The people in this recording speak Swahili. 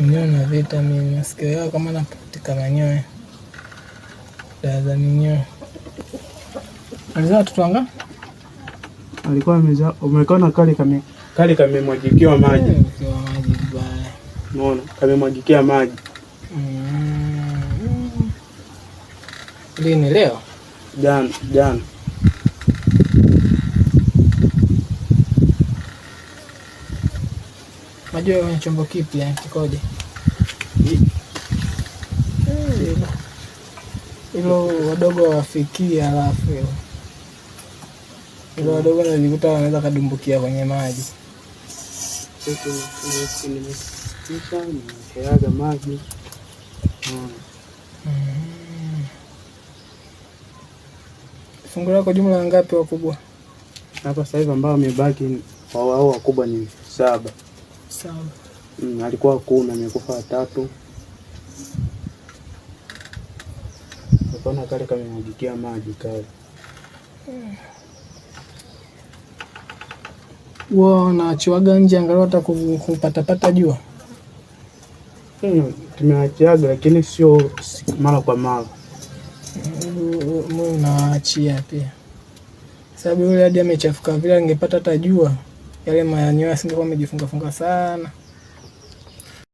minyoo na vitamini. Masikio yao kama napukutika manyoya, dawa za minyoo. Alizaa watoto wanga? Alikuwa amezaa, umeona kale kame kale kamemwagikiwa maji, unaona kamemwagikia maji mm. lini? Leo jana jana Unajua kwenye chombo kipi eh, kikoje? Hmm. Hilo wadogo wafikia, alafu hilo wadogo najikuta wanaweza kadumbukia kwenye maji maji hmm. fungu kwa jumla wangapi wakubwa hapa sasa hivi ambao wamebaki? Wao wakubwa ni saba. Sawa. Mm, alikuwa kumi amekufa watatu. Ukaona kale kamemwagikia maji kale. Wao wanaachiwaga nje angalau hata kupatapata jua. Mm, tumeachiaga lakini sio mara kwa mara. Mimi naachia pia sababu yule hadi amechafuka vile angepata hata jua yale manyoya yasingekuwa funga sana.